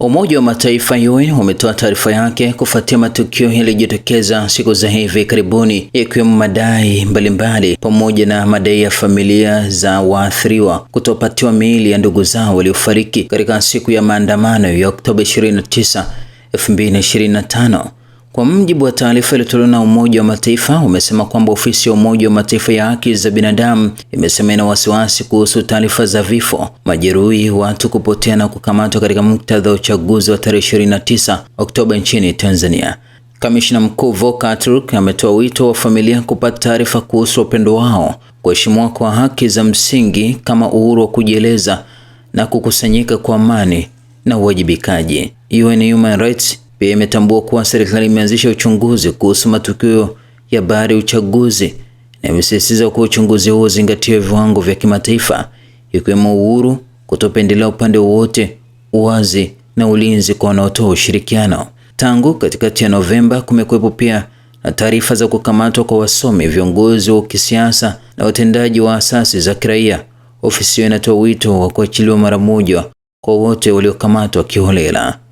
Umoja wa Mataifa UN umetoa taarifa yake kufuatia matukio yaliyojitokeza siku za hivi karibuni yakiwemo madai mbalimbali pamoja na madai ya familia za waathiriwa kutopatiwa miili ya ndugu zao waliofariki katika siku ya maandamano ya Oktoba 29, 2025. Kwa mjibu wa taarifa iliyotolewa na Umoja wa Mataifa umesema kwamba ofisi ya Umoja wa Mataifa ya haki za binadamu imesema ina wasiwasi kuhusu taarifa za vifo, majeruhi, watu kupotea na kukamatwa katika muktadha wa uchaguzi wa tarehe 29 Oktoba nchini Tanzania. Kamishna mkuu Volker Turk ametoa wito wa familia kupata taarifa kuhusu wapendo wao, kuheshimiwa kwa haki za msingi kama uhuru wa kujieleza na kukusanyika kwa amani na uwajibikaji. UN Human Rights pia imetambua kuwa serikali imeanzisha uchunguzi kuhusu matukio ya baada ya uchaguzi na imesisitiza kuwa uchunguzi huo uzingatie viwango vya kimataifa ikiwemo uhuru, kutopendelea upande wowote, uwazi na ulinzi kwa wanaotoa ushirikiano. Tangu katikati ya Novemba kumekwepo pia na taarifa za kukamatwa kwa wasomi, viongozi wa kisiasa na watendaji wa asasi za kiraia. Ofisi hiyo inatoa wito wa kuachiliwa mara moja kwa wote waliokamatwa kiholela.